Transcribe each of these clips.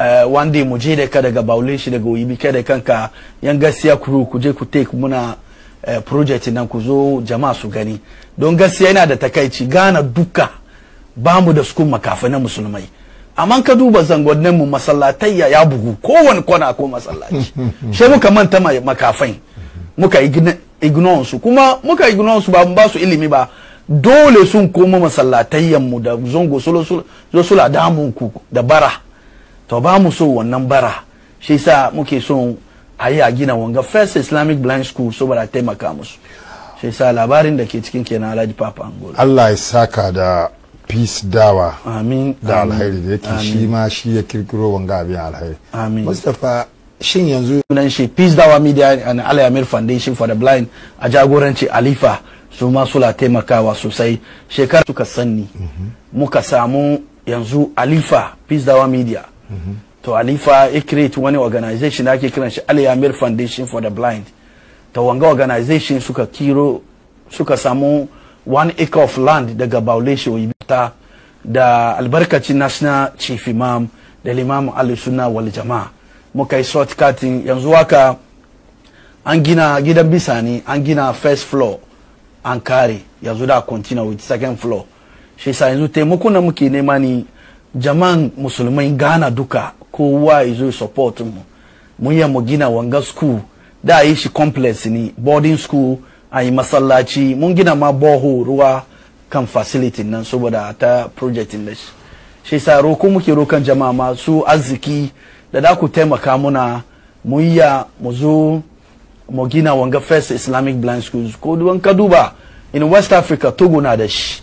Eh, wanda mu je da ka daga baulin shi daga oyibi kai da kanka yan gaskiya kuru ku je ku take muna eh, project nan ku zo jama'a su gani don gaskiya yana da takaici gana duka bamu mu da sukun makafa na musulmai amma ka duba zangonnin mu masallatai ya bugu kowane kona ko masallaci she muka manta makafai muka ignore su kuma muka ignore su ba mu ba su ilimi ba dole sun koma masallatayyan mu da zongo solo sula mu ku da bara to ba mu so wannan bara shi sa muke son a yi a gina wanga first islamic blind school saboda taimaka musu shi sa labarin da ke cikin kenan alhaji papa angola allah ya saka da peace dawa amin da alhairi da yake shi ma shi ya kirkiro wanga abin alhairi amin mustapha shin yanzu nan shi peace dawa media and ali amir foundation for the blind a jagoranci alifa su ma suna taimakawa sosai shekara suka sanni mhm. muka samu yanzu alifa peace dawa media to alifa ya create wani organization ake kiran shi al yamir foundation for the blind to wanga organization suka kiro suka samu one acre of land daga bauleshe oyibita da albarkacin national chief imam da limam Ali sunna wal jama'a muka yi cutting yanzu haka an gina gidan bisani an gina first floor an kare yanzu da continue with second floor shi sa yanzu taimakon na muke nema ni jaman musulmai ghana duka kowa ya zo support mu mun yi gina wanga school da yi shi complex ni boarding school a masallaci mun gina ma boho ruwa kan facility nan saboda ta project da shi shi sa roko muke rokan jama'a masu arziki da da ku taimaka muna mu yi mu zo mu gina wanga first islamic blind schools ko duban ka duba in west africa togo na da shi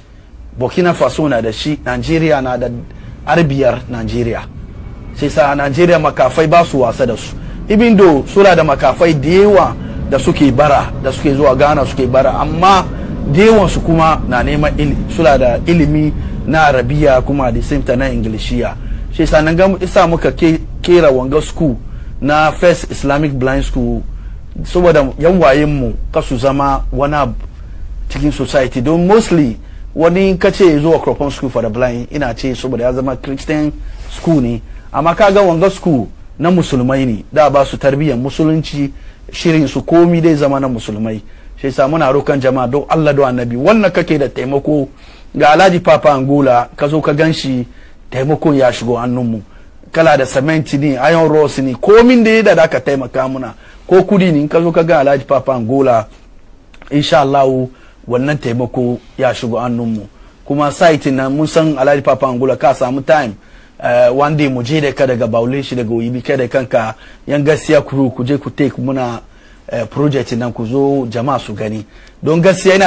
burkina faso na da shi nigeria na da har Najeriya sai sa Najeriya makafai ba su wasa da su even though suna da makafai da yawa da suke bara da suke zuwa Ghana suke bara amma da yawan su kuma na neman suna da ilimi na Arabiya kuma da same na Ingilishiya sai sa nan ga isa muka kera wanga school na First Islamic Blind School saboda yan wayen mu kasu zama wani cikin society don mostly wani ka ce zuwa Cropon School for the Blind ina ce saboda ya zama Christian school ne amma ka ga wanga school na musulmai ne da ba su tarbiyyar musulunci shirin su komi dai zama na musulmai shi sa muna rokan jama'a don Allah don Annabi wannan kake da taimako ga Alhaji Papa Angola ka zo ka ganshi taimakon ya shigo mu kala da cement ne iron rods ne komin da da ka taimaka muna ko kudi ne in ka zo ka ga Alhaji Papa Angola insha Allah wannan taimako ya shigo hannunmu kuma site na mun san alhaji papa angola ka samu time uh, one day mu je da ka daga baule shi daga oyibi kai da kanka yan gaskiya kuru ku je ku take muna uh, project nan ku zo jama'a su gani don gaskiya yana